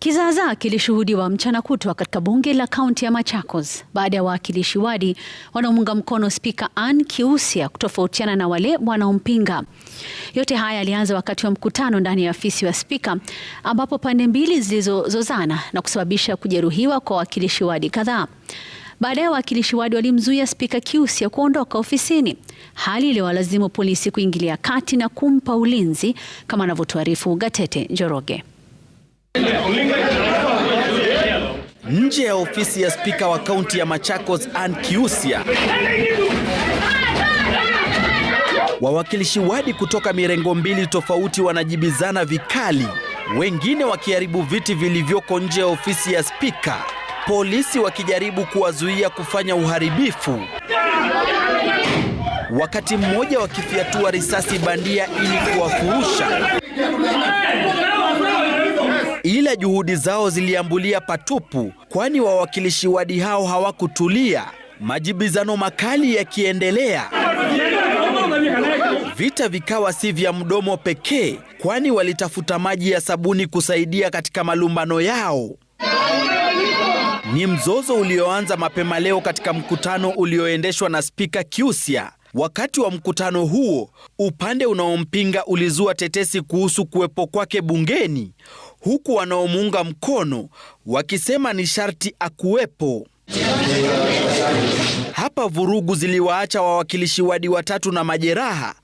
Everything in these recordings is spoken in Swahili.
Kizaazaa kilishuhudiwa mchana kutwa katika bunge la kaunti ya Machakos baada ya wawakilishi wadi wanaomuunga mkono spika Ann Kiusya kutofautiana na wale wanaompinga. Yote haya yalianza wakati wa mkutano ndani ya ofisi ya spika ambapo pande mbili zilizozozana na kusababisha kujeruhiwa kwa wawakilishi wadi kadhaa. Baadaye wawakilishi wadi walimzuia spika Kiusya kuondoka ofisini, hali iliyowalazimu polisi kuingilia kati na kumpa ulinzi, kama anavyotuarifu Gatete Njoroge nje ya ofisi ya spika wa kaunti ya Machakos Ann Kiusia, Wawakilishi wadi kutoka mirengo mbili tofauti wanajibizana vikali, wengine wakiharibu viti vilivyoko nje ya ofisi ya spika, polisi wakijaribu kuwazuia kufanya uharibifu, wakati mmoja wakifiatua risasi bandia ili kuwafurusha ila juhudi zao ziliambulia patupu, kwani wawakilishi wadi hao hawakutulia, majibizano makali yakiendelea. Vita vikawa si vya mdomo pekee, kwani walitafuta maji ya sabuni kusaidia katika malumbano yao. Ni mzozo ulioanza mapema leo katika mkutano ulioendeshwa na Spika Kiusya. Wakati wa mkutano huo, upande unaompinga ulizua tetesi kuhusu kuwepo kwake bungeni, huku wanaomuunga mkono wakisema ni sharti akuwepo. Hapa vurugu ziliwaacha wawakilishi wadi watatu na majeraha,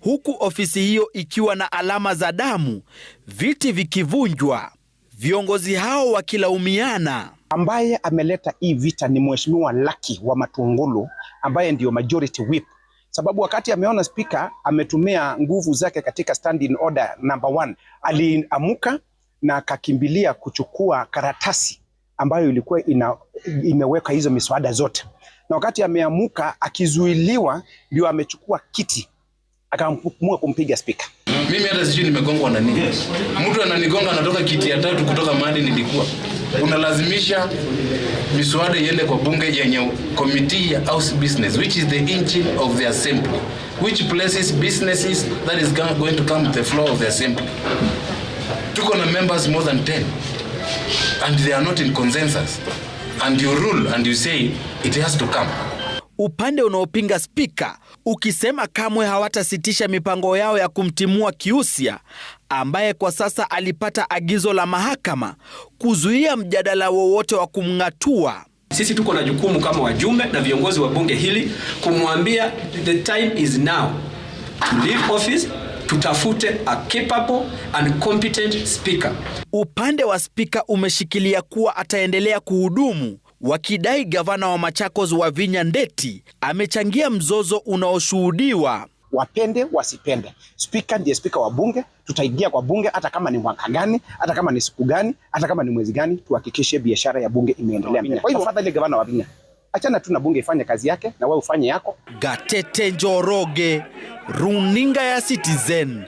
huku ofisi hiyo ikiwa na alama za damu, viti vikivunjwa, viongozi hao wakilaumiana. Ambaye ameleta hii vita ni mheshimiwa Laki wa Matungulu ambaye ndiyo majority whip, sababu wakati ameona spika ametumia nguvu zake katika standing order number one, aliamuka na akakimbilia kuchukua karatasi ambayo ilikuwa ina, imeweka hizo miswada zote, na wakati ameamuka akizuiliwa, ndio amechukua kiti akaamua kumpiga spika. Mimi hata sijui nimegongwa na nini. Mtu ananigonga anatoka kiti ya tatu kutoka mahali nilikuwa. Unalazimisha miswada iende kwa bunge yenye committee ya house business which is the engine of the assembly which places businesses that is going to come to the floor of the assembly tuko na members more than 10 and they are not in consensus and you rule and you say it has to come. Upande unaopinga spika ukisema kamwe hawatasitisha mipango yao ya kumtimua Kiusia ambaye kwa sasa alipata agizo la mahakama kuzuia mjadala wowote wa kumng'atua. Sisi tuko na jukumu kama wajumbe na viongozi wa bunge hili kumwambia the time is now to leave office tutafute a capable and competent speaker. Upande wa spika umeshikilia kuwa ataendelea kuhudumu wakidai gavana wa Machakos Wavinya Ndeti amechangia mzozo unaoshuhudiwa. Wapende wasipende, spika ndiye spika wa bunge. Tutaingia kwa bunge hata kama ni mwaka gani, hata kama ni siku gani, hata kama ni mwezi gani, tuhakikishe biashara ya bunge imeendelea Kwa hivyo fadhali, gavana Wavinya, achana tu na bunge ifanye kazi yake na wewe ufanye yako. Gatete Njoroge runinga ya Citizen.